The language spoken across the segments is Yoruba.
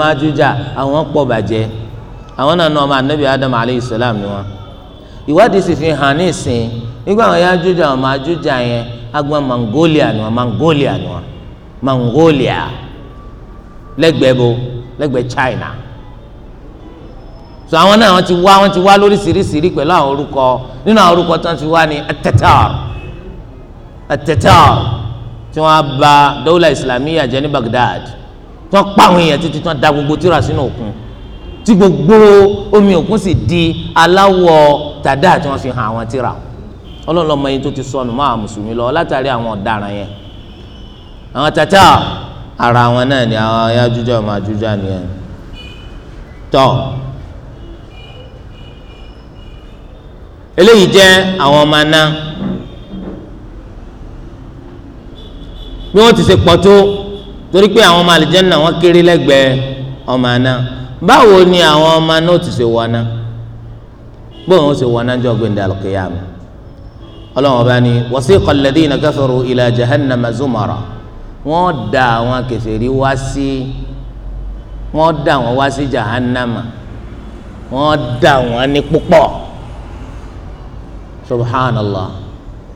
májújà àwọn pọ̀ bàjẹ́ àwọn náà nọ ọmọ anabi adam alayhi salam ni wọn ìwádìí sì fi hàn ní ìsìn nígbà àwọn yájújà àwọn májújà yẹn agbọn Mongolia ni wọn Mongolia ni wọn Mongolia lẹ́gbẹ̀ẹ́ bo lẹ́gbẹ̀ẹ́ China so àwọn náà wọn ti wá wọn ti wá lóríṣiríṣiri pẹ̀lú àwọn orúkọ nínú àwọn orúkọ tí wọn ti wá ní atẹtẹr atẹtẹr tí wọn bá dọwọlá islamiyya jẹ ní Baghdad tí wọ́n pa àwọn èèyàn títí tí wọ́n da gbogbo tíra sínú òkun tí gbogbo omi òkun sì di aláwọ̀ tàdá tí wọ́n fi hàn àwọn tíra ọlọ́run ọmọ yẹn tó ti sọnù mọ́ àwọn mùsùlùmí lọ látàrí àwọn ọ̀daràn yẹn àwọn tata ara àwọn náà ni àwọn ayájújà ọmọ àjújà nìyẹn tọ́ eléyìí jẹ́ àwọn ọmọ náà bí wọ́n ti ṣe pọ̀ tó torí pé àwọn ọmọ àlìjẹ́nà wọn kéré lẹ́gbẹ̀ẹ́ ọmọ àná báwo ni àwọn ọmọ náà ti ṣe wọná bóun ó ṣe wọná jọ gbẹ̀ndẹ̀ àlùkìyàmù ọlọ́run ọba ni wasiqa alladhina kafaru ila jahannama zumara wọ́n da àwọn kèfèrí wá sí wọ́n da wọn wá sí jahannama wọ́n da wọn ní púpọ̀ subhanallah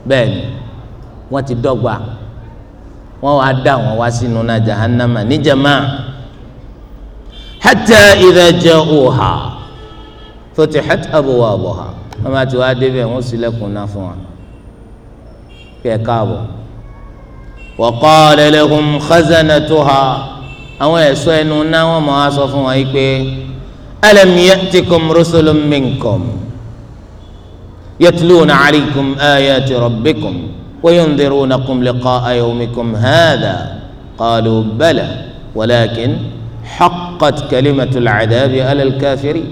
bẹ́ẹ̀ ni wọ́n ti dọ́gba wọ́n wá dá wọn wá sínú náà jahannama níjàmá hatta idha ja'uha futihat abwabuha wọ́n bá ti wá débẹ̀ wọ́n ṣílẹ̀kùn náà fún wa kí ẹ káàbọ̀ wa qala lahum khazanatuha àwọn ẹ̀ṣọ́ ẹnu náà wọ́n máa wá sọ fún wa yìí pé alam ya'tikum rusulun minkum yatluna alaykum ayati rabbikum. وينذرونكم لقاء يومكم هذا قالوا بلى ولكن حقت كلمة العذاب على الكافرين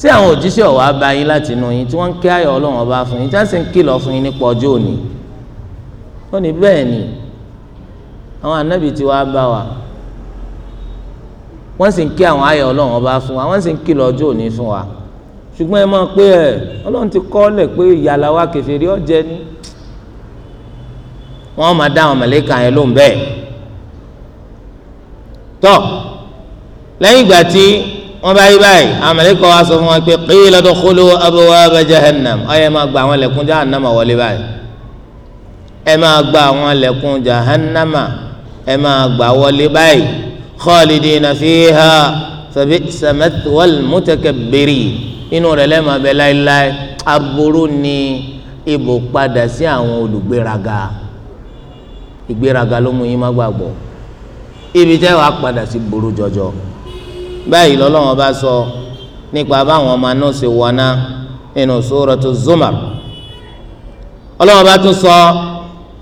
ṣé àwọn òjíṣẹ́ ọ̀wá bá yín láti inú yín tí wọ́n ń ké ayọ̀ ọlọ́run ọba fún yín tí wọ́n sì ń kìlọ̀ fún yín nípa ọjọ́ òní wọ́n ní bẹ́ẹ̀ ni àwọn ànábì tí wàá bá wa wọ́n sì ń ké àwọn ayọ̀ ọlọ́run ọba fún wa wọ́n sì ń kìlọ̀ ọjọ́ òní fún wa ṣùgbọ́n ẹ máa pé ẹ ọlọ́run ti kọ́ ọ́ lẹ̀ pé ìyàlá wa kẹfẹ́ rí ọ̀jẹ̀ ni wọ́n máa dá àwọn màlẹ́kà yẹn lóhùn bẹ́ẹ̀ tọ́ lẹ́yìn ìgbà tí wọ́n bá yí báyìí àwọn màlẹ́kà wa sọ fún wọn pé qila dukhulu abwaab jahannam ọ̀yẹ́ máa gba àwọn lẹ́kùn jahannama wọlé báyìí ẹ máa gba àwọn lẹ́kùn jahannama ẹ máa gbà wọlé báyìí khalidina fiha fabi'sa mathwal mutakabbirin inú rẹ̀ lẹ́ẹ̀ bẹ láéláé aburú ni ibò padà sí àwọn olùgbéraga ìgbéraga ló mú yín má gbàgbọ́ ibi tẹ́ wàá padà sí burú jọjọ báyìí lọ́lọ́wọ́n bá sọ nípa báwọn ọmọ náà ṣe wọná nínú suratu Zumar ọlọ́wọ́n bá tún sọ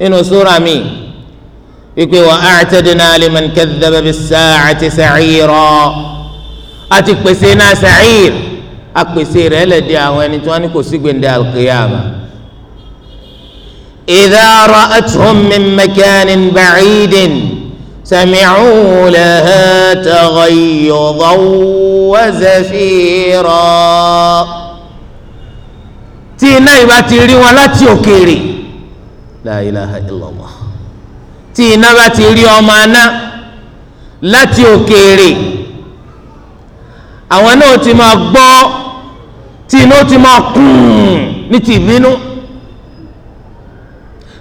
nínú sura mi wípé wa a'tadna liman kadhaba bis-sa'ati sa'ira àti pèsè náà sa'ir àpèsè rẹ̀ lẹ̀ di àwọn ẹni tí wọ́n ní kò sí gbèǹde al-qiyama. إذا رأتهم من مكان بعيد سمعوا لها تغيظا وزفيرا tí iná ìbá ti rí wọn láti òkèèrè la ilaha illallah tí iná bá ti rí ọmọ aná láti òkèèrè àwọn náà ti máa gbọ́ tí iná ti máa kùn ní tìbínú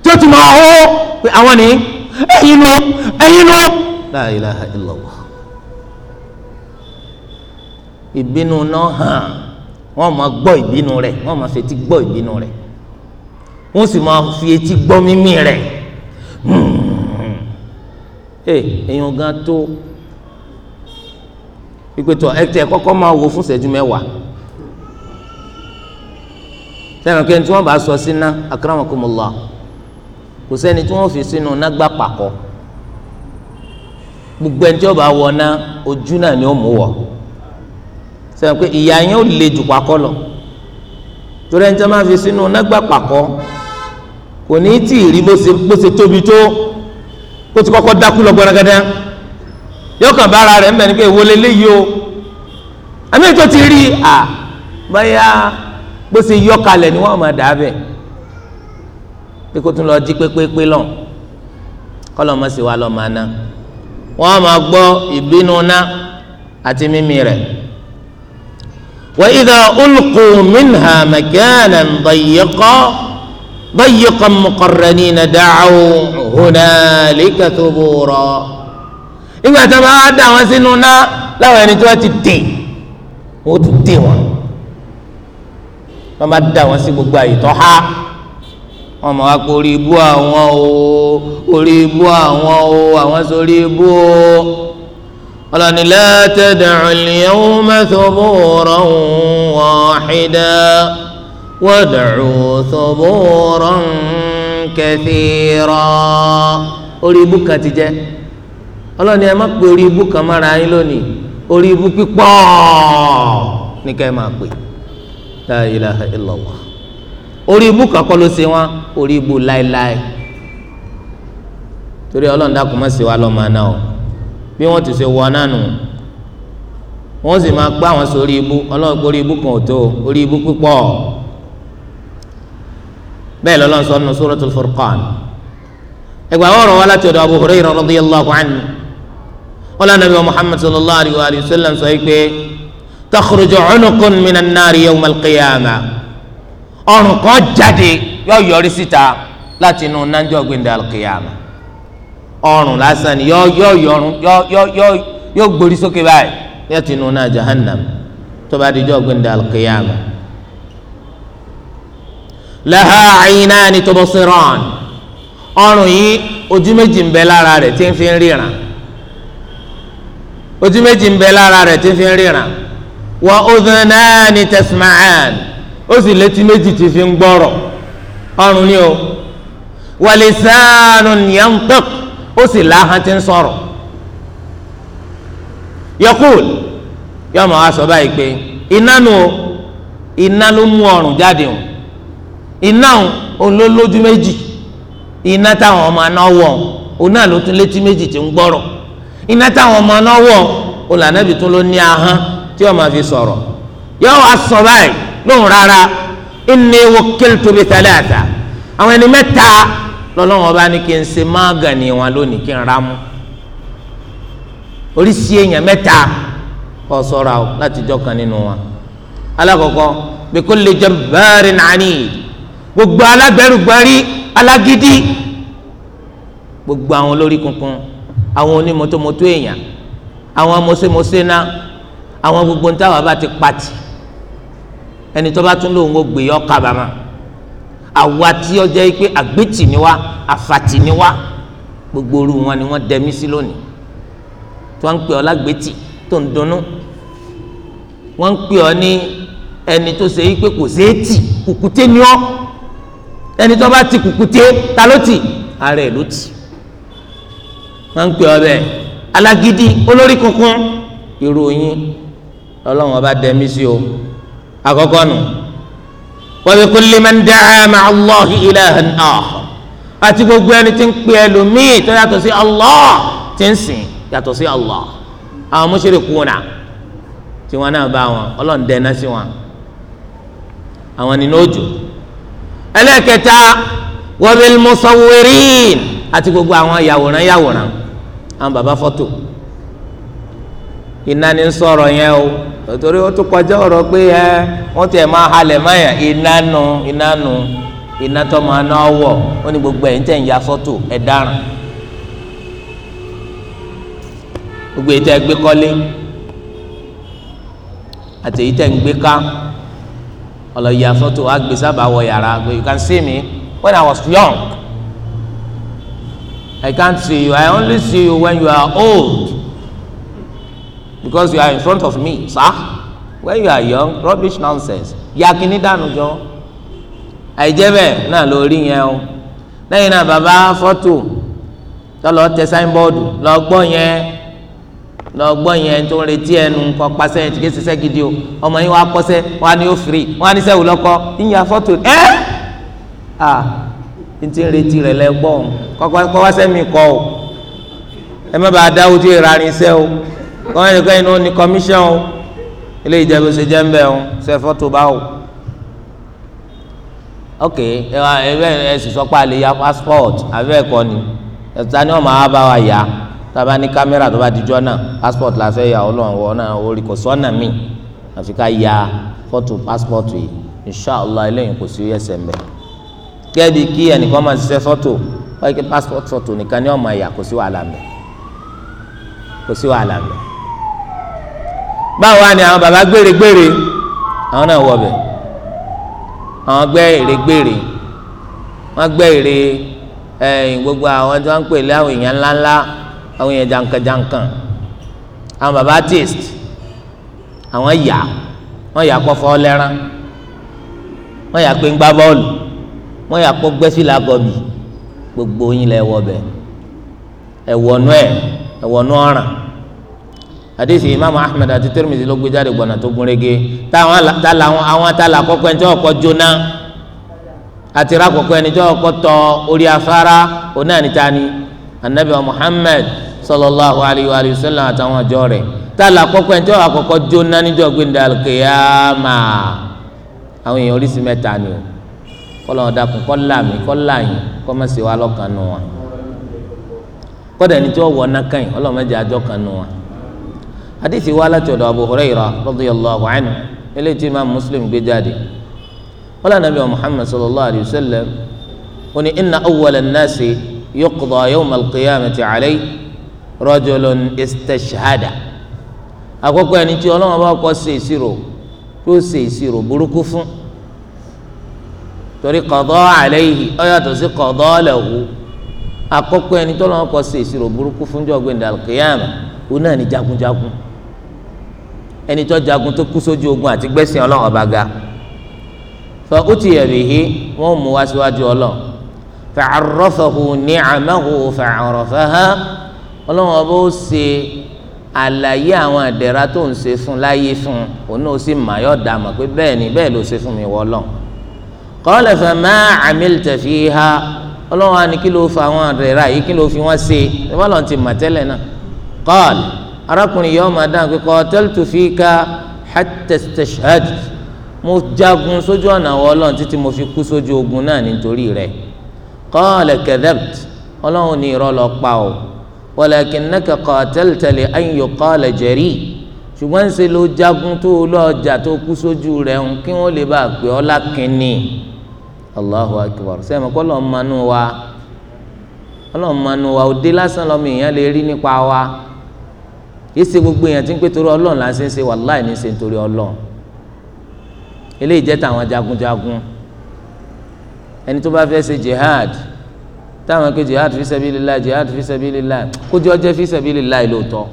tó tún máa hó pé àwọn ni ẹ̀yin nu ẹ̀yin nu la ilaha illallah ìbínú náà hàn wọ́n máa gbọ́ ìbínú rẹ̀ wọ́n máa fetí gbọ́ ìbínú rẹ̀ wọ́n sì máa fi etí gbọ́ mímí rẹ̀ hmm. eh, èèyàn gan tó ìpètò ẹtẹ kọ́kọ́ máa wò fún ìṣẹ́jú mẹ́wàá sẹ́yìn kí n tí wọ́n bá sọ sí ná akramakumullah kò sẹ́ni tí wọ́n fi sínú nágbà pàkọ́ gbogbo ẹni tí ó bá wọ ná ojú náà ni ó mú wọ sẹ́wọ́n pé ìyá yẹn ò le jù pàkọ́ lọ torí ẹni tí wọ́n máa fi sínú nágbà pàkọ́ kò ní tí ì rí bó ṣe tóbi tó ó ti kọ́kọ́ dákú lọ gbọ́nagadá yóò kàn bá ara rẹ̀ mbẹ́ni pé ìwọlé léyìí o àmì ètò ti rí à báyà bó ṣe yọ kalẹ̀ ni wọ́n máa dà á bẹ́ẹ̀ pé kó tún lọ jí pépépé lọ kọlọ mọ sí wa lọ máa ná wọn máa gbọ́ ìbínú ná àti mímí rẹ̀ wa idha ulqu minha makanan dayyiqa dayyiqan muqarranina da'u hunalika thubura ìgbà tí wọn bá dà wọn sínú ná láwọn ẹni tí wọn ti dè wọn ti dè wọn wọn bá dà wọn sí gbogbo àyè tó há wọn mọ̀ wá pé orí ibú àwọn o orí ibú àwọn o àwọn sórí ibú o ọlọ́ni la tad'u al-yawma thuburan wahida wad'u thuburan kathira orí ibú kan ti jẹ́ ọlọ́ni ẹ má pe orí ibú kan mára yín lónìí orí ibú pípọ̀ ní ká ẹ máa pè la ilaha illallah orí ibú kankan ló ṣe wọn orí ibú láéláé torí ọlọ́run dákun má ṣe wá lọ́ọ́ máa ná o bí wọ́n ti ṣe wọ nánu wọ́n sì máa gbá wọn sórí ibú ọlọ́run orí ibú kan ò tó orí ibú púpọ̀ bẹ́ẹ̀ lọ́lọ́run sọ nù Suratul Furqan ẹgbàá wọ́n rọ̀ wá láti ọ̀dọ̀ Abu Hurairah radiyallahu anhu wọ́n lánàá bí wọn Muhammad sallallahu alayhi wa sallam sọ yìí pé takhruju unuqun minan nari yawm al ọrùn kan jáde yóò yọrí síta láti inú nájọ gbẹndé alkiyama ọrùn lásán ni yóò yóò yọrùn yóò yóò yóò gbórí sókè báyìí yóò ti inú náà jahannam tó bá di jọ gbẹndé alkiyama laha aynani tubsiran ọrùn yìí ojú méjì ń bẹ lára rẹ̀ tí ń fi ríran ojú méjì ń bẹ lára rẹ̀ tí ń fi ríran wa udhnani tasma'an. ó sì létí méjì fi ń gbọ́rọ̀ ọrùn ni o wàlísánù yantiq ó o iná ló mú ọrùn jáde o iná òun ló lójú méjì iná táwọn ọmọ aná òun náà ló tún létí méjì tí ń gbọ́rọ̀ iná táwọn ọmọ aná òun lànà ibi tún ló ní ahọ́n tí wọ́n fi sọ̀rọ̀ yọ wa sọ lóhùn rárá inni wukiltu bi thalatha àwọn ẹni mẹ́ta lọ́lọ́wọ́n bá ní kí n ṣe mágàní wọn lónìí kí n ra mú oríṣi èèyàn mẹ́ta kọ́ sọ́ra o láti jọ́ kan nínú wọn alákọ̀ọ́kọ́ bi kulli jabbarin anid gbogbo alágbẹ̀rùgbẹ̀rì alágídí gbogbo àwọn olórí kunkun àwọn onímọ̀tòmọ̀tò èèyàn àwọn mọ̀sẹ̀mọ̀sẹ̀ náà àwọn gbogbo ń táwọn ti pati ẹni tó bá tún lóun ó gbé yọ kábàámà àwa tí ó jẹ́ pé àgbètì ni wá àfàtì ni wá gbogbo orú wọn ni wọ́n dẹmí sí lónìí tí wọ́n ń pè ọ́ lágbètì tó ń dunnú wọ́n ń pè ọ́ ní ẹni tó ṣe pé kò ṣeé tì kùkùté ni ọ́ ẹni tó bá ti kùkùté ta ló tì ara ẹ̀ ló tì wọ́n ń pè ọ́ bẹ́ẹ̀ alágídí olórí kunkun ìròyìn ọlọ́run ọba dẹmí sí o àkọ́kọ́ nù wa bi kulli man da'a ma'a Allahi ilahan akhar àti gbogbo ẹni tí ń pè ẹlòmíì tó yàtọ̀ sí Allah tí ń sìn yàtọ̀ sí Allah àwọn mushrikuna tí wọn náà bá wọn ọlọ́run dẹ́ná sí wọn àwọn nínú òjò ẹlẹ́kẹta wa bil àti gbogbo àwọn yàwòrán yàwòrán àwọn bàbá fọ́tò iná ni ń sọ̀rọ̀ yẹn o torí ó tún kọjá ọ̀rọ̀ pé ẹ wọ́n tiẹ̀ máa halẹ̀ mọ́yà iná nu iná nu iná tó máa ná ọwọ́ ó ní gbogbo ẹ̀yin tẹ̀ ń ya sọ́tò gbogbo èyí tẹ̀ gbé kọ́lé àti èyí tẹ̀ ń gbé ká ọlọ́yà sọ́tò á wọ yàrá gbé you can see me when I was young I can't see you I only see you when you are old because you are in front of me sir when you are young rubbish nonsense ya kìíní dànù jọ àìjẹ́ bẹ́ẹ̀ náà ló rí yẹn o lẹ́yìn náà bàbá fọ́tò tọ́lọ́ tẹ sáínbọ́ọ̀dù lọ gbọ́ yẹn lọ gbọ́ yẹn tó ń retí ẹnu kọ́ pàṣẹ yẹn tìkẹ́ ṣiṣẹ́ gidi o ọmọ yẹn wàá kọ́ṣẹ́ wàá ní ó firi wàá ní sẹ́wù lọ́kọ́ ìyá fọ́tò ẹ́ à n ti ń retí rẹ̀ lẹ́gbọ́n kọ́kọ́ wá sẹ́mi kọ́ o ẹ má bàa dáwọ́ tí ì rarin sẹ́ o wọn yẹ kẹyìn náà ní commission o ilé ìjẹun ṣe jẹ ń bẹ o ṣe fọtò bá o ok ẹ wá ẹ bẹ ẹ sì sọ pé a ya passport àbí ẹkọ ni ẹta ni wọn máa bá wa yá tába ní kámẹ́rà tó bá dijọ́ náà passport la fẹ́ yà ọlọ́run wọ náà orí kò sọ́nà mi àfi ká ya fọ́tò passport yìí inshàlá eléyìí kò sí ẹsẹ̀ mbẹ́ kẹ́ẹ̀dì kí ẹnìkan máa ṣiṣẹ́ fọ́tò wáyé kí passport fọ́tò nìkan ni wọn máa yà kò sí wàhálà mbẹ́ kò sí wàhálà mbẹ́ báwo wá ni àwọn baba gbèrègbèrè àwọn náà wọ bẹ̀ àwọn gbẹ́ èrè gbèrè wọ́n gbẹ́ èrè ẹ̀yìn gbogbo àwọn tí wọ́n ń pè lé àwọn èèyàn ńláńlá àwọn èèyàn jankan-jankan àwọn baba artist àwọn yà wọ́n yà kọ́ fọ́ lẹ́rán wọ́n yà pé ń gbá bọ́ọ̀lù wọ́n yà kọ́ gbẹ́sílà gọ̀bì gbogbo yín lẹ wọ bẹ̀ ẹ̀wọ̀nú ẹ̀ ẹ̀wọ̀nú ọ̀ràn àdéhìí imaamu ahmed àti tirmidhi ló gbé jáde gbọ̀nà tó gúnrégé táwọn tala kọ́kọ́ ẹni tí ọkọ̀ jóná àti rákọ̀kọ́ ẹni tí ọkọ̀ tọ orí afárá oní ànitani anabi muhammed sallallahu alayhi wa sallam àtàwọn ọjọ́ rẹ̀ tala kọ́kọ́ ẹni tí ọkọ̀ jóná níjọ́ gbẹ̀ndà kìyàmà àwọn èèyàn oríṣi mẹ́ta ni o kọ́lọ́ ọ̀dà kún kọ́ làmì kọ́ làyìn kọ́ mọ̀ sí wa lọ́kàn nù wọn kọ́dà ẹni tí ọwọ́ náà kàn yín ọlọ́mọdé àjọ kan hadithi wa láti ọ̀dọ̀ abu huraira radiyallahu anhu eléyìí tí imaamu muslim gbé jáde wọ́n lànà bí wa muhammad sallallahu alayhi wa sallam wọ́n ní inna awwala nnaasi yuqda yawma alqiyamati alayhi rajulun istashhada àkọ́kọ́ ẹni tí ọlọ́wọ́n bá kọ́ ṣe ìṣirò tó ṣe ìṣirò burúkú fún torí qada alayhi ó yàtọ̀ sí qada lahu àkọ́kọ́ ẹni tí ọlọ́wọ́n kọ́ ṣe ìṣirò burúkú fún jọ́gbìn dàlùkìyàmù òun náà ni jagunjagun ẹni tó jagun tó kú sójú ogun àti gbẹ̀sìn ọlọ́run ọba ga fa utiya bihi wọ́n mú wá síwájú ọlọ́run fa arrafahu ni'amahu fa arrafaha ọlọ́run ọba ó ṣe àlàyé àwọn àdẹ̀ra tó ń ṣe fún láyé fún òun náà ó sì mà yọ̀ dà mọ̀ pé bẹ́ẹ̀ ni bẹ́ẹ̀ ló ṣe fún mi wọ́ ọlọ́run qala fa ma amilta fiha ọlọ́run á ní kí ló fa àwọn àdẹ̀ra yìí kí ló fi wọ́n ṣe ìwọ́n arákùnrin yìí ọmọ adáhùn pé qataltu fika hatta istashhadu mo jagun sójú ọ̀nà àwọn ọlọ́run títí mo fi kú sójú ogun náà nítorí rẹ̀ qala kadhabta ọlọ́run ní irọ́ lọ pa ọ́ walakinnaka qatalta li an yuqala jari ṣùgbọ́n ń ṣe ló jagun tó lọ́ọ̀jà tó kú sójú rẹ̀ ń kí wọ́n lè bá a pè ọ́ lákínní allahu akbar sẹ́mi kọ́ lọ́ọ́ manú wa ọlọ́ọ̀ manú wa òde lásán lọ́mọ kì í ṣe gbogbo èèyàn tí ń pé torí ọlọ́run là ń ṣe ń ṣe wàláì ní ṣe nítorí ọlọ́run eléyìí jẹ́ tàwọn jagunjagun ẹni tó bá fẹ́ ṣe jihad táwọn ké jihad fi sabilillah jihad fi sabilillah kó jọ jẹ́ fi sabilillah lóòótọ́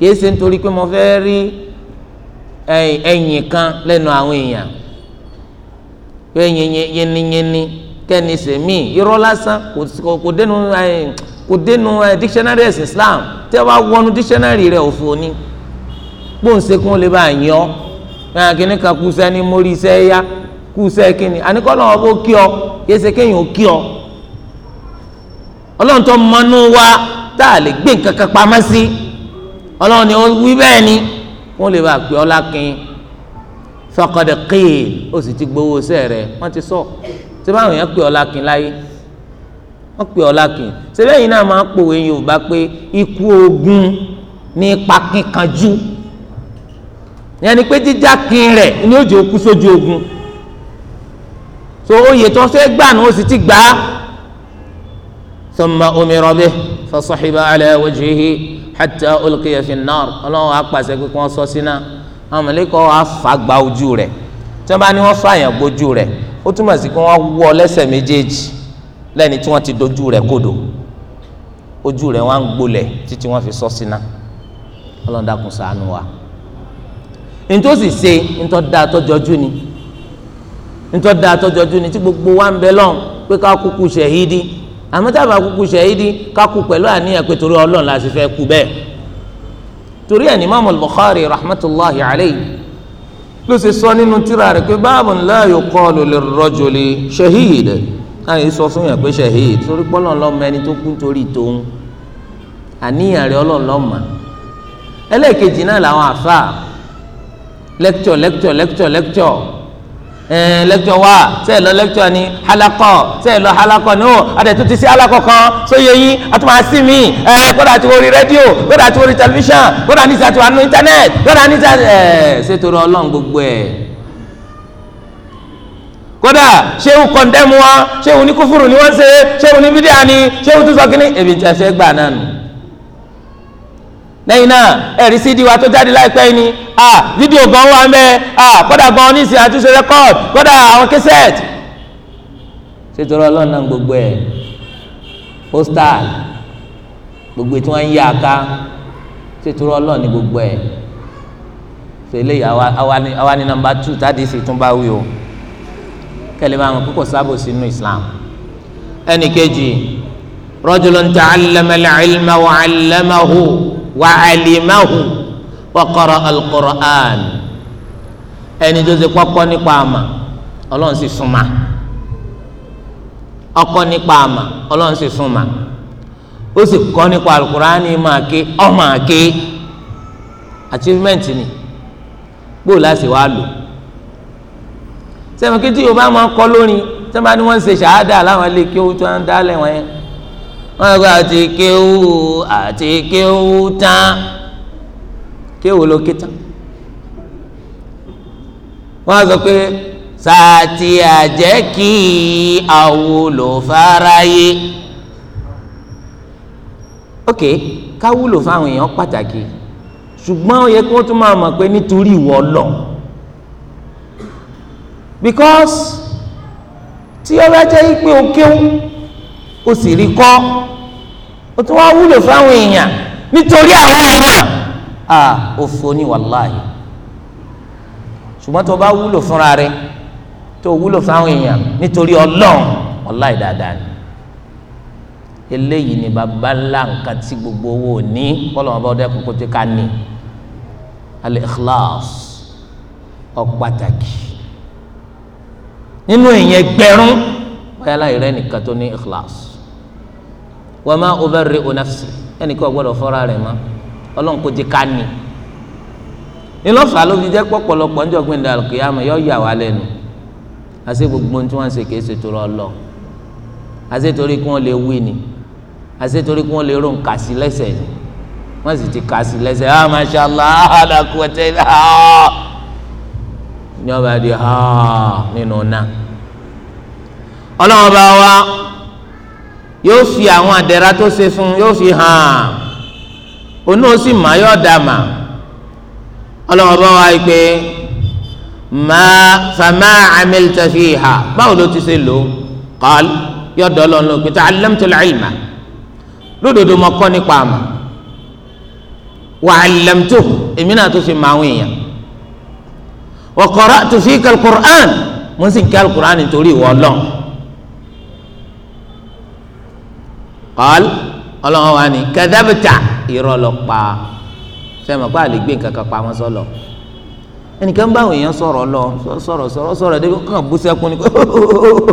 kì í ṣe nítorí pé mo fẹ́ rí ẹ̀yìn kan lẹ́nu àwọn èèyàn pé yẹnyẹnyẹni kẹ́ni sèmí irọ́ lásán kò dénú ẹ̀yìn kò dénú ẹ eh, dictionary ẹ̀sìn islam tẹ́ wá wọnú dictionary rẹ̀ òfò ni gbóǹsekún lè bá yàn ọ́ náà kíní kan kú sẹ́ni mórí sẹ́ yá kú sẹ́ kíni àníkọ́ lọ́wọ́ bó kí ọ yéṣe kéèyàn ó kí ọ ọlọ́run tó mọnú wa tá a lè gbé nǹkan pamọ́ sí ọlọ́run ó wí bẹ́ẹ̀ ni wọ́n lè bá a pè lákin faqad qil ó sì ti gbowó sẹ́ẹ̀ rẹ̀ wọ́n ti sọ tí báwọn yẹn pè ọ́ lákin láyé wọ́n pè ọ́ lákìn sẹ́lẹ̀yìn náà máa ń pòwe yorùbá pé ikú ogun ní pakin kanjú yẹn ni pé jíjá kin rẹ̀ ni ó jẹ́ okú sójú ogun so oyè tó fẹ́ gbà ní o sì ti gbà á sọmọ omi rọbẹ fasahiba ala wajhihi hatta ulqiya fi an-nar ọlọ́run á pàṣẹ pé sọ sí àwọn mọ̀lẹ́kọ̀ á fà gba ojú rẹ̀ tí wọ́n bá ní wọ́n fà yàn gbójú rẹ̀ ó túmọ̀ sí pé wọ́n wọ́ lẹ́sẹ̀ méjèèjì lẹ́ni tí wọ́n ti dojú rẹ̀ kodò ojú rẹ̀ wọ́n á ń gbolẹ̀ títí wọ́n fi sọ́ síná ọlọ́run dákun ṣàánú wa ntòsí ṣe ntọ́ da tọ́jọ́jú ni ntọ́ da tọ́jọ́jú ni tí gbogbo wa ń bẹ lọ́n pé ká kúkú ṣẹ̀hídì àmọ́ kúkú ṣẹ̀hídì ká kú pẹ̀lú àníyàn pé torí ọlọ́run la sì fẹ́ kú bẹ́ẹ̀ torí ẹ̀ ní Imam rahmatulahi alayhi ló ṣe sọ nínú tírà rẹ̀ pé babun la yuqalu lirrajuli shahid láyé sọ fún yàn pé shahid torí pọ́lọ́n lọ́mọ ẹni tó kú torí tòun àníyàn rẹ̀ ọlọ́run lọ́mọ ẹlẹ́ẹ̀kejì náà làwọn àfa lecture lecture lecture lecture ẹ̀ẹ́n eh, lecture wa sẹ́ẹ̀ lọ lecture ni halakọ sẹ́ẹ̀ lọ halakọ ni ó àtẹ̀tù ti sí halakọ kan sóye yín àtúmọ̀ àsí mi ẹ̀ẹ́ kódà àti orí rédíò kódà àti orí tẹlifíṣàn kódà ní ìsàtúwà nínú íńtánẹ́ẹ̀tì kódà ní ìsàtúwà ẹ̀ẹ́ ṣètò ọlọ́run gbogbo ẹ̀ kódà ṣéwù kọ̀ndẹ́mù wọn ṣéwù ní kúfùrù ni wọ́n ṣe ṣéwù ní bídíà ni ṣéwù tó sọ kínní èmi ń tẹ̀sẹ̀ gbà náà nù. lẹ́yìn náà ẹ̀rí cd wa tó jáde láìpẹ́ ni ah fídíò gan wà ń bẹ ah kódà gan oníṣẹ́ àtúnṣe rẹ́kọ́d kódà àwọn kẹsẹ̀t. ṣètò ọlọ́run náà gbogbo ẹ̀ postal gbogbo tí wọ́n ń yí àká ṣètò ọlọ́run ní gbogbo ẹ̀ ṣèlè àwa ní nọ́mbà two tádìsì tún bá kẹlẹ́ bá wọn kókò sábò sínú islam ẹnì kejì rajulun ta'allama al-ilma wa 'allamahu wa 'alimahu wa qara'a al-Qur'an ẹni tó ṣe kọ́kọ́ nípa àmà ọlọ́run sì súnmà ọkọ́ nípa àmà ọlọ́run sì súnmà ó sì kọ́ nípa alukurani máa ké ọmọ àké achievement ni gbóòlà sì wá lò sẹ́mi kí tí yorùbá máa kọ́ lórin sẹ́mi ni wọ́n ń ṣe ṣàádà láwọn ilé kéwú tí wọ́n ń dálẹ̀ wọ́n yẹn wọ́n yẹ kó àti kéwú àti kéwú tán kéwú ló ké tán wọ́n á sọ pé sàtì àjẹ́ kí àwo ló ok káwúlò fáwọn èèyàn pàtàkì ṣùgbọ́n ó yẹ kí wọ́n tún máa mọ̀ pé nítorí ìwọ Ọlọ́run because tí ó bá jẹ́ pé o kéwú o sì rí kọ́ o tún wá wúlò fáwọn èèyàn nítorí àwọn ọmọ à òfò ni wàláhì ṣùgbọ́n tó bá wúlò fúnra rẹ tó wúlò fáwọn èèyàn nítorí ọlọ́run wàláhì dáadáa ni eléyìí ni baba ńlá nǹkan tí gbogbo owó ní kọlọmọ bá ọdẹ kókó tí ká ní al-ikhlas ó pàtàkì nínú èèyàn gbẹ̀rún báyà láì rẹ nìkan tó ní ikhlas wa ma ubarri'u nafsi ẹnìkan gbọ́dọ̀ fọ́ra rẹ̀ mọ́ ọlọ́run kò jẹ́ ká ní ńlọ́fà ló fi jẹ́ pọ̀pọ̀lọpọ̀ ń jọ̀gbìn dàrú kìyàmù yọ yà wá lẹ́nu àti gbogbo tí wọ́n ń ṣe kìí ṣe tó lọ́ọ́ àti torí kí wọ́n lè wí ni àti torí kí wọ́n lè rò ń sí lẹ́sẹ̀ ni wọ́n sì ti kà sí lẹ́sẹ̀ ah masha Allah ah la quwwata ní ọba di ha nínú náà ọlọ́wọ́n bá wa yóò fi àwọn àdẹ̀ra tó ṣe fún yóò fi hàn onú sì má yóò dà mà ọlọ́wọ́n bá wa pé má fama amilta fiha báwo ló ti ṣe lò qal yóò dọ́lọ́ ló pé ta'allamtul ilma lódodo mọ́ nípa àmà wa allamtuhu èmi náà tó fi máa ń wẹ̀yàn wa qara'tu fika al-Qur'an mo sì ń kí al-Qur'an nítorí ìwọ Ọlọ́run qal Ọlọ́run wa ni kadhabta irọ́ lọ pa sẹ́mi pa àlè gbé nǹkan kan pamọ́ sọ́lọ ẹnìkan bá àwọn èèyàn sọ̀rọ̀ lọ sọ̀rọ̀ sọ̀rọ̀ sọ̀rọ̀ débi kàn bú sẹ́kún ni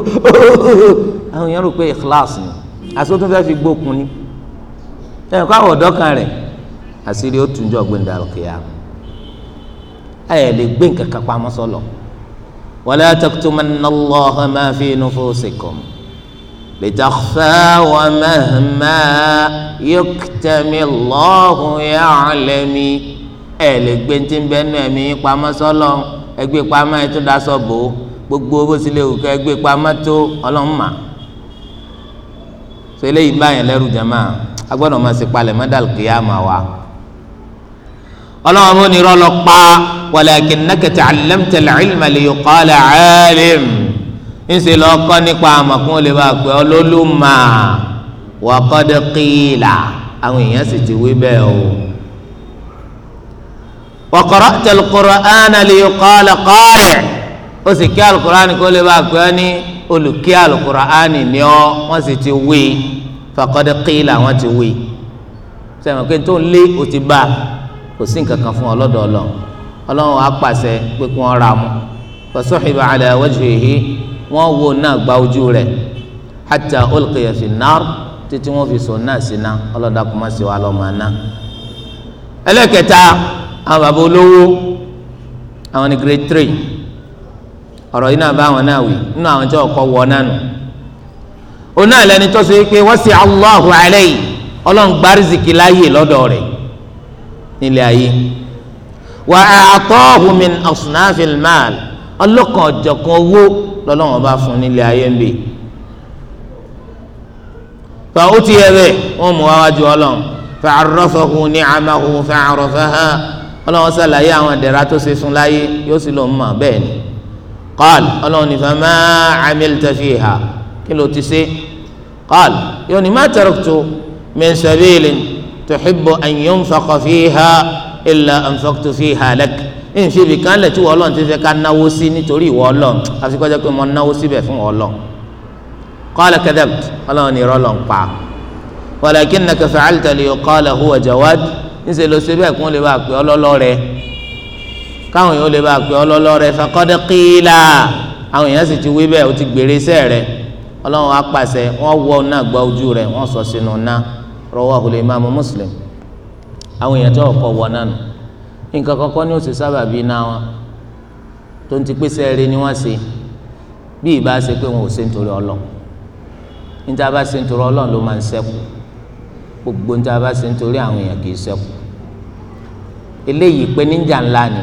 àwọn èèyàn rò pé ikhlas ni asótún fẹ́ fi gbókun ni ẹnìkan àwọ̀ ọ̀dọ́ kan rẹ̀ àṣírí ó tún jọ gbẹ̀ndàlùkìyà ẹ lè gbé nǹkan kan pamọ́ sọlọ wala taktumanna Allaha ma fi nufusikum litakhfa wa mahma yuktami Allahu ya'lami ẹ lè gbé ntí ń bẹnu ẹ̀mí pamọ́ sọlọ ẹ gbé pamọ́ ẹ tún daṣọ bò gbogbo bó tilẹ̀ wù kẹ́ ẹ pamọ́ tó ọlọ́mà so eléyìí báyẹn lẹ́rù jama agbọ́dọ̀ máa ṣe palẹ̀ mọ́dàlù kìyàmà wa ọlọ́run mú ni rọ́lọ́ pa walakinnaka ta'allamta al-ilma liyuqala 'alim ńṣe lọ kọ́ nípa àmọ̀kún lè bá pẹ́ ọlọ́lùmọ̀ wa qad qila àwọn èèyàn sì ti wí bẹ́ẹ̀ o. wa qara'ta al-Qur'ana liyuqala qari' ó sì kí al-Qur'ani kó lè bá pẹ́ ọ ní olùkí al-Qur'ani ni ọ wọ́n sì ti wí fa qad qila wọ́n ti wí sẹ́wọ̀n kí n tó lé o ti bá a kò sí nǹkan kan fún ọlọ́dọ̀ ọlọ́run ọlọ́run á pàṣẹ pé kí wọ́n ra mu fasuhiba ala wajhihi wọ́n wo náà gba ojú rẹ̀ hatta ulqiya fi nar títí wọ́n fi sọ náà sí náà ọlọ́dà kò má sí wa lọ́ máa ẹlẹ́kẹta àwọn bàbá olówó àwọn ní grade three ọ̀rọ̀ yìí náà bá àwọn náà wí nínú àwọn tí wọ́n kọ́ wọ náà nù. onáà lẹni tó so yìí Allahu alayhi ọlọ́run gbarizikì láàyè lọ́dọ̀ rẹ̀ nílé ayé wà á àtọ́hù min asnafil mal ọlọ́kan ọ̀jọ̀kan owó lọ́lọ́wọ́n bá fún nílé ayé ń bè fa ó ti yẹ bẹ́ẹ̀ wọ́n mú wá wájú ọlọ́run fa arrafahu ni'amahu fa arrafaha ọlọ́run sàlàyé àwọn ìdẹ̀ra tó ṣe fún láyé yóò sì lọ́ọ́ mọ̀ bẹ́ẹ̀ ni qal ọlọ́run ní fama amilta fiha kí ló ti ṣe qal yóò ní ma taraktu min tuhibbu an yunfaqa fiha illa anfaqtu fiha lak nfibi kan lẹ tí wọ́n lọ́n ti fẹ́ ká náwó sí nítorí ìwọ Ọlọ́run àfi kọjá pé mo náwó síbẹ̀ fún Ọlọ́run qala kadhabt Ọlọ́run ni irọ́ lọ́n pa walakinnaka fa'alta li yuqala huwa jawad ńṣe ló ṣe bẹ́ẹ̀ kún lè bá pé ọlọ́lọ́ rẹ káwọn èèyàn lè bá pé ọlọ́lọ́ rẹ faqad qila àwọn èèyàn sì ti wí bẹ́ẹ̀ ó ti gbèrè iṣẹ́ rẹ Ọlọ́run á pàṣẹ wọ́n wọ́ ọ náà gbọ́ ojú rẹ wọ́n sọ sínú náà rawahu al-Imam Muslim àwọn èèyàn tí wọn kọ wọ nánu nǹkan kọ́kọ́ ni ó sì sábà bí iná wọn tó ń ti pèsè eré ni wọ́n ṣe bí ìbá ṣe pé wọn ò ṣe nítorí Ọlọ́run níta bá ṣe nítorí Ọlọ́run ló máa ń ṣẹ́kù gbogbo níta bá ṣe nítorí àwọn èèyàn kì í ṣẹ́kù eléyìí pé níjà ńlá ni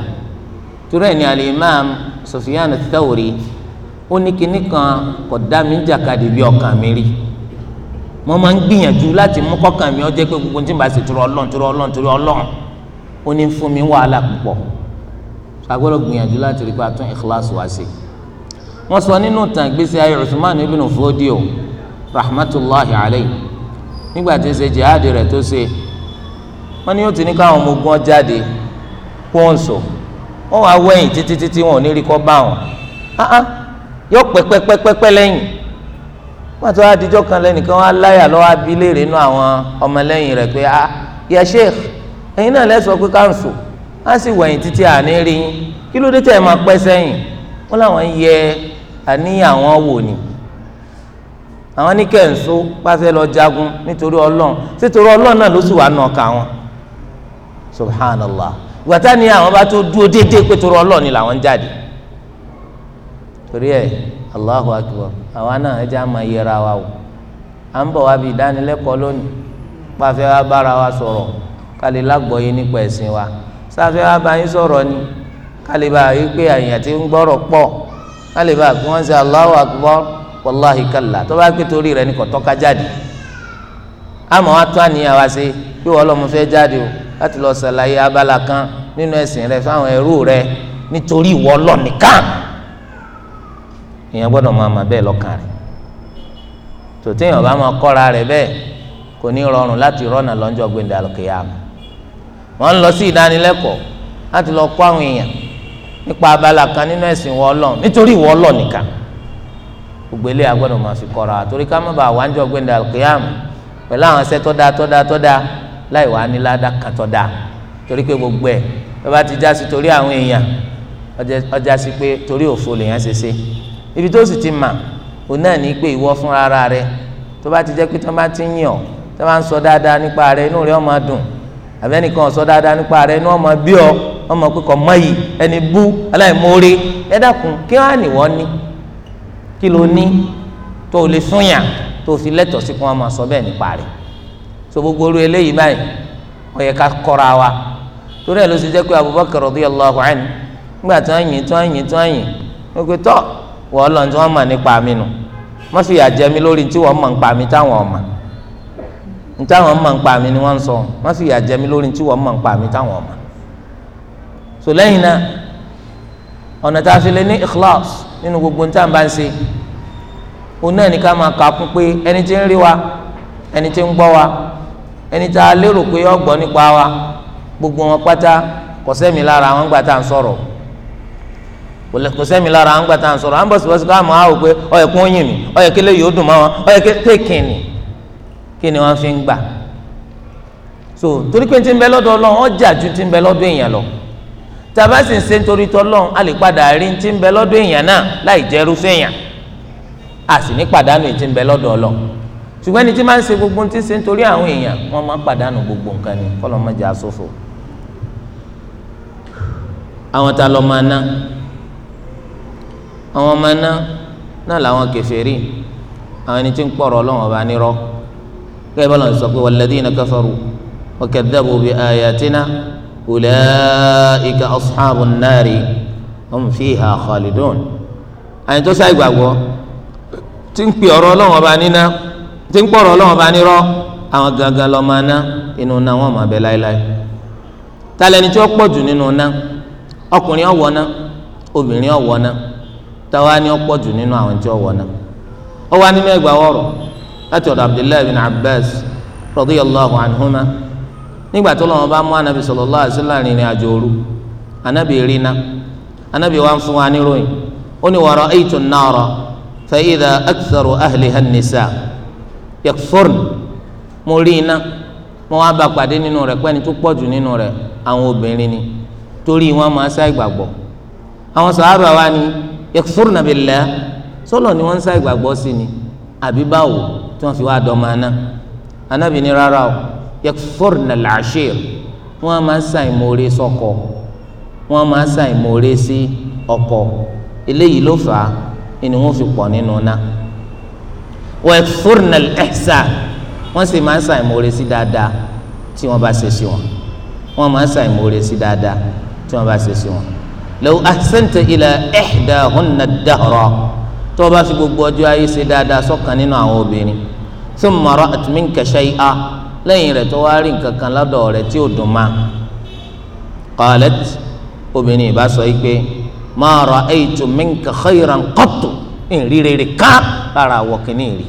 torí ẹni alimam Sufyan ath-Thawri ó ní kinní kan kò dá mi jàkadì bí ọkàn mi rí mo máa ń gbìyànjú láti mú kọ́kàn mi ó jẹ́ pé gbogbo tí n bá ṣe tọrọ ọlọ́run tọrọ ọlọ́run tọrọ ọlọ́run ó ní fún mi wàhálà púpọ̀ ṣàgbọ́dọ̀ gbìyànjú láti rí pé a tún ìkíláàsì wá sí i wọ́n sọ nínú ìtàn ìgbésí ayé Usman ibn Fodio rahmatulahi alayhi nígbà tí ń ṣe jihad rẹ̀ tó ṣe wọ́n ní yóò ti ní káwọn ọmọ ogun jáde kó ń sọ wọ́n wá wẹ̀yìn títí títí wọn ò ní rí kọ́ bá wọn yóò pẹ́ lẹ́yìn wọ́n ti wá adijọ́ kan lẹ́nìkan wọ́n aláyà lọ́wọ́ abilé rẹ̀ nínú àwọn ọmọlẹ́yìn rẹ̀ pé ah yẹ sheikh ẹ̀yin náà lẹ́sọ̀ pé káńsù á sì wẹ̀yìn títí àní rí yín kí ló dé tẹ̀ ẹ̀ máa pẹ́ sẹ́yìn wọ́n làwọn yẹ àníyàn wò ni àwọn ní kẹ́ńsó pàṣẹ lọ jagun nítorí ọlọ́run sítorí ọlọ́run náà ló sì wà nà ọ̀ka wọn subhanallah ìgbà táni àwọn bá tó dúró déédéé pé torí ọlọ́run ni làwọn jáde torí ẹ̀ allahu akbar àwa náà ẹ jẹ́ àmọ́ yẹra wa o à ń bọ̀ wá bí ìdánilẹ́kọ̀ọ́ lónìí pàfẹ́ wa bára wa sọ̀rọ̀ kálí lágbọ̀ọ́yé nípa ẹ̀sìn wa sáfẹ́ wa bá yín sọ̀rọ̀ ni kálí bá yí pé àyàn ti ń gbọ́rọ̀ pọ̀ kálí bá kí wọ́n ṣe allahu akbar wàláhi kàlá tó bá gbé torí rẹ̀ ní kò tọ́ka jáde àmọ́ wa tó àníyàn wa ṣe bí wọ́n lọ́mọ fẹ́ jáde o láti lọ ṣàlàyé abala kan nínú ẹ̀sìn rẹ fáwọn ẹrú rẹ nítorí ìwọ ọlọ́nìkan èèyàn gbọ́dọ̀ máa mà bẹ́ẹ̀ lọ́kàn rẹ̀ tó téèyàn bá máa kọ́ra rẹ̀ bẹ́ẹ̀ kò ní rọrùn láti rọ́nà lọ́jọ́ gbẹ̀ndẹ̀ àlùkìyàmù wọ́n ń lọ sí ìdánilẹ́kọ̀ọ́ láti lọ kọ́ àwọn èèyàn nípa abala kan nínú ẹ̀sìn wọ Ọlọ́run nítorí ìwọ Ọlọ́run nìkan gbogbo eléyà gbọ́dọ̀ máa fi kọ́ra torí ká má bàa wájọ gbẹ̀ndẹ̀ àlùkìyàmù pẹ̀lú àwọn ẹsẹ̀ tọ́da tọ́da tọ́da láì wá ní ládàá kan tọ́da torí pé gbogbo ẹ̀ bá ti já torí àwọn èèyàn ọjà sí pé torí òfo lèèyàn ṣe ṣe ibi tó sì ti mà òun náà ní pé ìwọ fún ara rẹ tó bá ti jẹ́ pé tó bá ti yàn tó bá ń sọ dáadáa nípa rẹ inú rẹ ó máa dùn àbẹ́nìkan sọ dáadáa nípa rẹ inú ó máa bí ọ ó máa mọ́yì ẹni bú aláìmoore ẹ dákun kí wọ́n á nìwọ́ ní kí ló ní tó o lè súnyà tó o fi lẹ́tọ̀ọ́ sí kí wọ́n máa sọ bẹ́ẹ̀ nípa rẹ so gbogbo orí eléyìí báyìí ó yẹ ká kọ́ra wa torí ẹ̀ ló ṣe jẹ́ pé Abubakar radiyallahu anhu nígbà wọ́n lọ tí wọ́n mọ̀ nípa mi nù wọ́n fìyà jẹ mí lórí tí wọ́n mọ̀ nípa mi táwọn ọ̀mà táwọn mọ̀ nípa mi ni wọ́n ń sọ wọ́n fìyà jẹ mí lórí tí wọ́n mọ̀ nípa mi táwọn ọ̀mà so lẹ́yìn náà ọ̀nà tá a fi lè ní ikhlas nínú gbogbo ní táwọn bá ń ṣe òun náà ní ká máa kà kún pé ẹni tí ń rí wa ẹni tí ń gbọ́ wa ẹni tá a lérò pé ó nípa wa gbogbo wọn pátá kò lára wọn gbà tá à ń sọ̀rọ̀ kò sẹ́mi lára à ń gbàtà sọ̀rọ̀ à ń bọ̀sibọ̀sì ká mọ̀ á wò pé ọ̀yẹ̀ kún yìn mí ọ̀yẹ̀ kí lè yóò dùn mọ́ wọn ọ̀yẹ̀ kí tẹ̀ kìnnì kí ni wọ́n fi ń gbà. so torí pé ti ń bẹ lọ́dọ̀ ọlọ́run ó jà ju ti ń bẹ lọ́dọ̀ èèyàn lọ tàbá sì ń ṣe nítorí tọ́lọ́run a lè padà rí ti ń bẹ lọ́dọ̀ èèyàn náà láì jẹ́rú séèyàn a sì ní pàdánù ti ń bẹ lọ́dọ̀ ọlọ́run àwọn ọmọ iná náà làwọn kèfèrí àwọn ẹni tí ń pọ̀rọ̀ ọlọ́wọ́n ọba nírọ́ kí ẹ bá lọ́n sọ pé walladhina kafaru wa kadhabu bi ayatina ulaika ashabun nari hum fiha khalidun àyìn tó sáà ìgbàgbọ́ tí ń pè ọ̀rọ̀ ọba níná tí ń pọ̀rọ̀ ọlọ́wọ́n ọba nírọ́ àwọn gangan lọ́ máa inú ná wọn máa bẹ láéláé tálẹ́ni tí ó pọ̀ jù nínú ná ọkùnrin ọ̀wọ́ ná obìnrin ọ̀wọ́ ná táwa ni ó pọ̀ jù nínú àwọn tí ó wọ̀ náà ó wà nínú ẹgbàá ọ̀rọ̀ láti ọ̀dọ̀ abdullahi bin abbas radiyallahu anhuma nígbà tó lọ́wọ́ bá mú anabi sallallahu alaihi wasallam rìnrìn àjò òru anabi rina anabi wa ń fún wa níròyìn ó ní wa ra'aytu an-nara fa idha aktharu ahliha an-nisa yakfurn mo rí iná mo wá bá pàdé nínú rẹ̀ pẹ́ni tó pọ̀ jù nínú rẹ̀ àwọn obìnrin ni torí wọn máa ṣá ìgbàgbọ́ àwọn sàhábà wa ni yakfurna billah sọlọ ni wọ́n ń sá ìgbàgbọ́ sí ni àbí báwo tí wọ́n fi wá dọmọ aná anábì ní rárá o yakfurna al-ashir wọ́n máa ń sá ìmoore sọ́kọ wọ́n máa ń sá ìmoore sí ọkọ eléyìí ló fà á ni wọ́n fi pọ̀ nínú ná wa yakfurna al-ihsan sì máa ń sá ìmoore sí dáadáa tí wọ́n bá ṣe sí wọn wọ́n máa ń sá ìmoore sí dáadáa tí wọ́n bá ṣe sí wọn law ahsanta ila ihdahunna ad-dahra tó o bá fi gbogbo ọjọ́ ayé ṣe dáadáa sọ́kàn nínú àwọn obìnrin thumma ra'at minka shay'an lẹ́yìn rẹ̀ tó wá rí nǹkan kan lọ́dọ̀ rẹ̀ tí ò dùn máa qalat obìnrin ìbá sọ yìí pé ma ra'aytu minka khayran qattu ìrírere ká lára àwọ̀ kìíní rí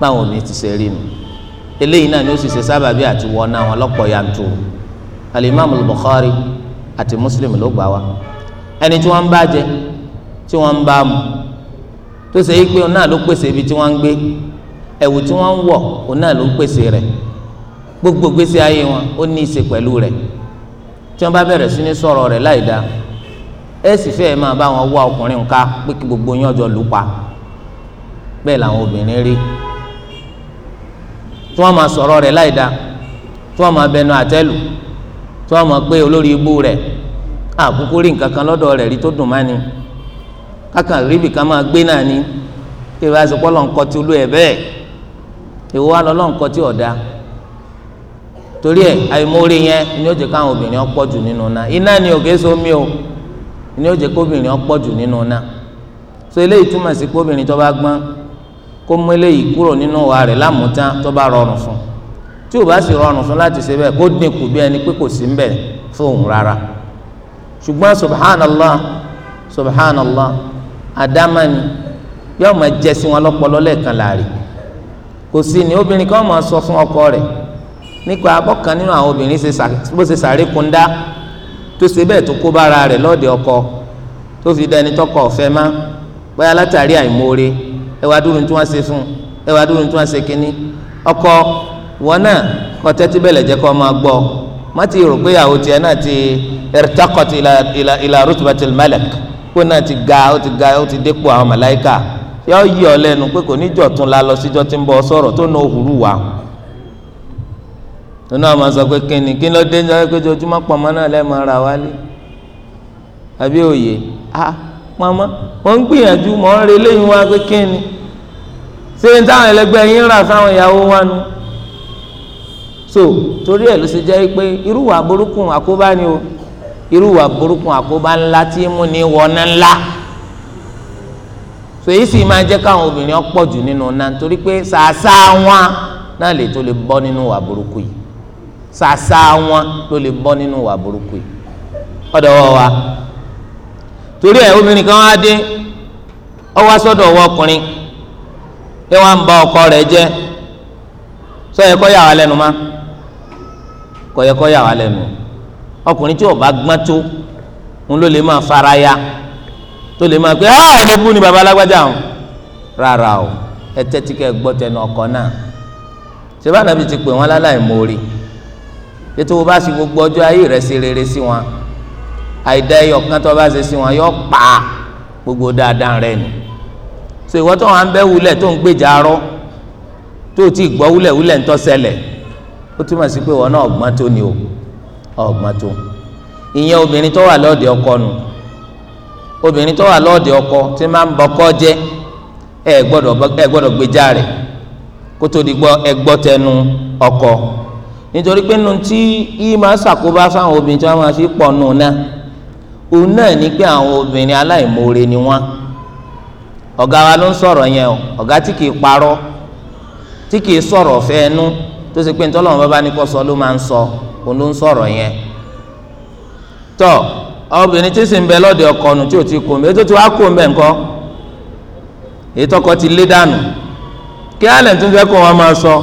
báwọn obìnrin ti ṣe rí nu eléyìí náà ni ó sì ṣe sábàbí àti wọ́n náà wọn lọ́pọ̀ yanturu al bukhari àti muslim ló gbà wá ẹni tí wọ́n ń bá jẹ tí wọ́n ń bá mu tó ṣe é pé òun náà ló pèsè ibi tí wọ́n ń gbé ẹ̀wù tí wọ́n ń wọ̀ òun náà ló ń pèsè rẹ̀ gbogbo gbèsè ayé wọn ó ní í ṣe pẹ̀lú rẹ̀ tí wọ́n bá bẹ̀rẹ̀ sí ní sọ̀rọ̀ rẹ̀ láì dáa ẹ sì fẹ́ máa bá wọn wá ọkùnrin ká pé kí gbogbo yín ọjọ́ lù pa bẹ́ẹ̀ làwọn obìnrin rí tí wọ́n máa sọ̀rọ̀ rẹ̀ láì dáa tí wọ́n máa bẹnu àtẹ́lù tí wọ́n máa pé olórí ibú rẹ̀ àkókò rí nǹkan kan lọ́dọ̀ rẹ̀ rí tó dùn má ni kákan ríbi ká máa gbé náà ni tí ìbá sọpọ lọ nǹkan tí olú ẹ bẹ́ẹ̀ ìwọ wa lọ tí torí yẹn ni ó jẹ́ káwọn obìnrin ọ̀pọ̀ jù ni o ni ó jẹ́ kóbìnrin ọ̀pọ̀ jù nínú náà so eléyìí túmọ̀ sí kóbìnrin tó bá gbọ́n kó mú eléyìí kúrò wa rẹ̀ lámùtán tó bá rọrùn fún tí ò bá sì rọrùn fún láti ṣùgbọ́n subhanallah subhanallah àdámánì yóò máa jẹ sí wọn lọ́pọlọ lẹ́ẹ̀kan láàrin kò sí ni obìnrin kan máa sọ fún ọkọ rẹ̀ nípa abọ́kan nínú àwọn obìnrin bó ṣe sàrékúndá tó ṣe bẹ́ẹ̀ tó kó bára rẹ̀ lọ́ọ̀dẹ ọkọ tó fi dẹni tọkọ ọ̀fẹ́ má bóyá látàrí àìmoore ẹwà dúró tí wọ́n ṣe fún ẹwà dúró tí wọ́n ṣe kínní ọkọ wọn náà kọ́ bẹ́ẹ̀ lẹ́jẹ́ kọ́ máa gbọ́ ọ Ma ti rò pé ìyàwó tiẹ̀ náà ti irtaqat ila ila ila rutbatil malak kó náà ti ga ó ti ga ó ti dépò àwọn màláìka yọ yí ọ lẹ́nu pé kò ní jọ̀tún la lọ síjọ́ tí ń bọ̀ sọ̀rọ̀ tó ná òhùrù wa nínú àwọn máa sọ pé kíni kí ló dé níjọ́ pé ojoojúmọ́ pọ̀nmọ́ náà lẹ́ẹ̀ máa ra wálé àbí òye a pọ̀nmọ́ wọ́n ń gbìyànjú mọ́ ń relé yín wá pé kíni ṣé táwọn ẹlẹgbẹ́ yín rà sáwọn ìyàwó wa so torí ẹ̀ ló ṣe jẹ́ pé irúwà burúkú àkóbá ni o irúwà burúkú àkóbá ńlá tí mú ni wọná ńlá so sì máa jẹ́ káwọn obìnrin ọ̀pọ̀ jù nínú náà torí pé sàásà wọn náà lè tó lè bọ́ nínú wà burúkú yìí wọn ló lè bọ́ nínú wà burúkú yìí ọ̀dọ̀ wa torí obìnrin kan wá dé sọ́dọ̀ ọwọ́ ọkùnrin ọkọ rẹ sọ yẹ yà wá lẹ́nu máa. kọ̀yẹ́kọ́yà wà lẹ́nu ọkùnrin tí ó bá gbọ́n tó ń ló lè máa fara ya tó lè máa pé ah ẹni bú ni baba alágbájá o rárá o ẹ tẹ́tí kẹ́ gbọ́ tẹnu ọkọ náà ṣèbá nàbí ti pè wọ́n láláì mórí ètò wo bá sì gbogbo ọjọ́ ayé rẹ̀ ṣe rere sí wọn àìdá ẹyọ kan tó bá ṣe sí wọn yọ pa gbogbo dáadáa rẹ̀ nù ṣèwọ́ tó wọn bẹ́ wulẹ̀ tó ń gbèjà arọ́ tó ti gbọ́ wulẹ̀ wulẹ̀ ń tọ́ ṣẹlẹ̀ ó túmọ̀ sí pé wọn náà ọgbọ́n tó ni o ọgbọ́n tó ìyẹn obìnrin tó wà lọ́ọ̀dẹ ọkọ nu obìnrin tó wà lọ́ọ̀dẹ ọkọ tí máa ń bọkọ jẹ́ ẹ gbọ́dọ̀ ẹ gbọ́dọ̀ gbèjà rẹ̀ kó tó di gbọ́ ẹ gbọ́ ọkọ nítorí pé nu tí yìí máa ṣàkóbá fáwọn obìnrin tí wọ́n máa fi pọ̀ nù náà òun náà ní pé àwọn obìnrin aláìmoore ni wọ́n ọ̀gá wa ló ń sọ̀rọ̀ yẹn o ọ̀gá tí kìí parọ́ tí kìí sọ̀rọ̀ fẹ́ẹ́nu tó ṣe pé ntọ́lọ́wọ́n bábá ní kó sọ ló máa ń sọ òun ló ń sọ̀rọ̀ yẹn tọ́ obìnrin tí sì ń bẹ lọ́dẹ ọkọ nù tí ò ti kó mbẹ tó ti wá kó mbẹ ńkọ́ èyí tọkọ ti lé dànù kí alẹ̀ tún fẹ́ kó wọn máa sọ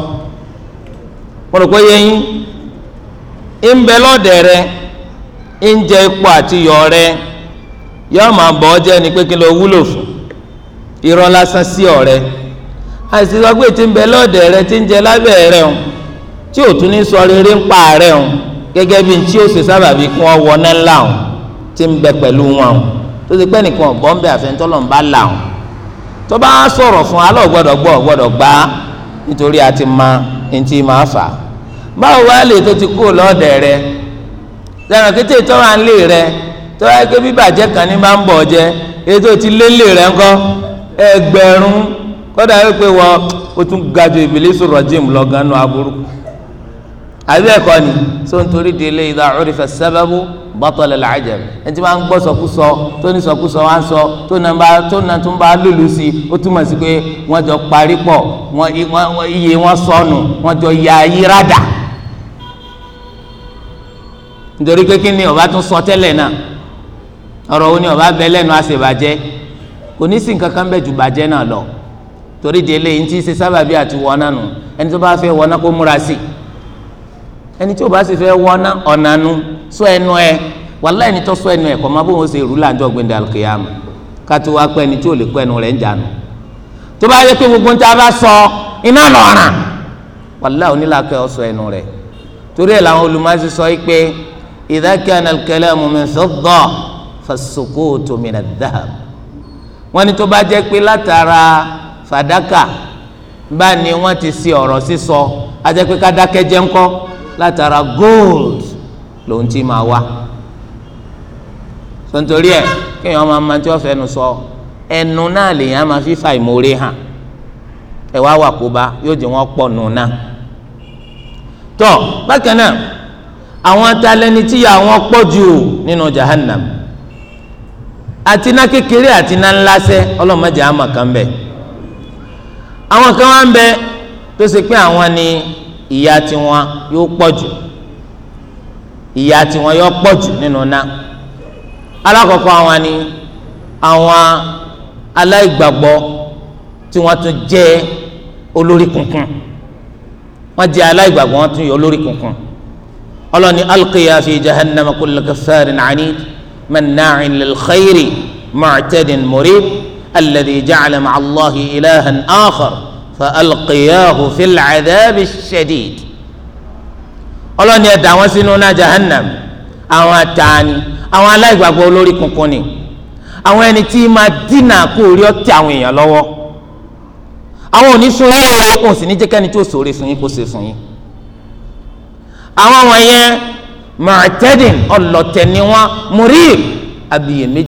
mo rò pé yẹn ń bẹ lọ́dẹ rẹ ń jẹ ipò àti yọ rẹ yọọ máa bọ̀ jẹ́ ni pé kí ló wúlò fún irọ́ lásán sí ọ̀rẹ́ àìsí sọ pé tí ń bẹ lọ́dẹ rẹ tí ń jẹ lábẹ́ rẹ o. tí ò tún ní sọ rere ń pa àárẹ̀ o gẹ́gẹ́ bí tí ó ṣe sábà bí kí wọ́n wọná o ti pẹ̀lú wọn o tó ti pẹ́ nìkan ọ̀gbọ́n bẹ là tó bá sọ̀rọ̀ fún alọ́ gbọ́dọ̀ gbọ́ gbọ́dọ̀ gbá nítorí a ti ma máa fà á báwo wá lè ti kó lọ́ọ̀dẹ̀ rẹ kété tó ń lè rẹ tó wáyé pé bíbàjẹ́ kan ní máa ń bọ̀ jẹ ètò ti rẹ ẹgbẹ̀rún kọ́dà wípé wọ́n o tún gajù ìbílẹ̀ àbí ẹ̀kọ́ ni so nítorí délé ìdá òrìfẹ́ sábàbù bọ́tọ̀lẹ̀ làájẹ̀ ẹ máa ń gbọ́ sọkúsọ tó ní sọkúsọ wá ń sọ tó nà tó nà tó ń bá lùlù sí i ó túmọ̀ sí pé wọ́n jọ parí pọ̀ wọ́n iye wọ́n sọnù jọ ya ayé nítorí pé kí ni ọba tún sọ tẹ́lẹ̀ náà ọ̀rọ̀ wo ni ọba bẹ lẹ́nu àṣebàjẹ́ kò ní bàjẹ́ náà lọ torí délé ẹni tí o bá sì fẹ́ wọ́ná ọ̀nànú sọ ẹnu ẹ wàláhì ẹni tó sọ ẹnu ẹ kọ́ máa bó wọn ṣe rú láàjọ gbẹ̀ndẹ̀ àlùkìyàmù kátó wá pẹ́ ẹni tí ò lè kọ́ ẹnu rẹ̀ ń jànú tó bá yẹ pé gbogbo ń tá a bá sọ iná lọ́ràn wàláhì onílàkẹ́ ọ sọ ẹnu rẹ̀ torí ẹ̀ làwọn olùmọ̀ọ́sí sọ yìí pé idha kana al-kalamu min fidda fas látara gold lòun ti máa wá sọ̀ntorí ẹ̀ kéèyàn máa ma tí wọ́n fẹnu sọ ẹnu náà lèèyàn máa fífa ìmoore hàn ẹ wá wà kó bá yóò jẹ́ wọ́n pọ̀ nù náà tọ́ bákan náà àwọn atalẹ́ni tíyà wọn pọ̀ jù nínú jahannam àti iná kékeré àti iná ńlá sẹ́ ọlọ́mọdé àmọ̀ kan bẹ̀ àwọn kan wá ń bẹ tó ṣe pé àwọn ni. ìyà tiwọn yóò pọ̀ jù ìyà tiwọn yóò pọ̀ jù nínú ná alákọ̀ọ́kọ́ àwọn ni àwọn aláìgbàgbọ́ tí wọ́n tún jẹ́ olórí kunkun wọ́n jẹ́ aláìgbàgbọ́ wọ́n tún yọ olórí kunkun ọlọ́ni alqiya fi jahannama kulli kaffarin anid manna'in lil khayri mu'tadin murid alladhi ja'ala ma'a allahi ilahan akhar fa alqiyahu fil adhabi shadid ọlọ́ni ẹ̀dá wọn sínú náà jahannam àwọn àtàní àwọn aláìgbàgbọ́ olórí kunkun ni àwọn ẹni tí máa dínà kó orí ọtí àwọn èèyàn lọ́wọ́ àwọn ò ní sunwó rẹ kò sì ní jẹ́kẹ́ni tó sòrè fún yín kó ṣe fún yín àwọn wọ̀nyẹn mọ̀tẹ́dìn ọlọ́tẹ̀ ni wọ́n múrí àbíyèméjì.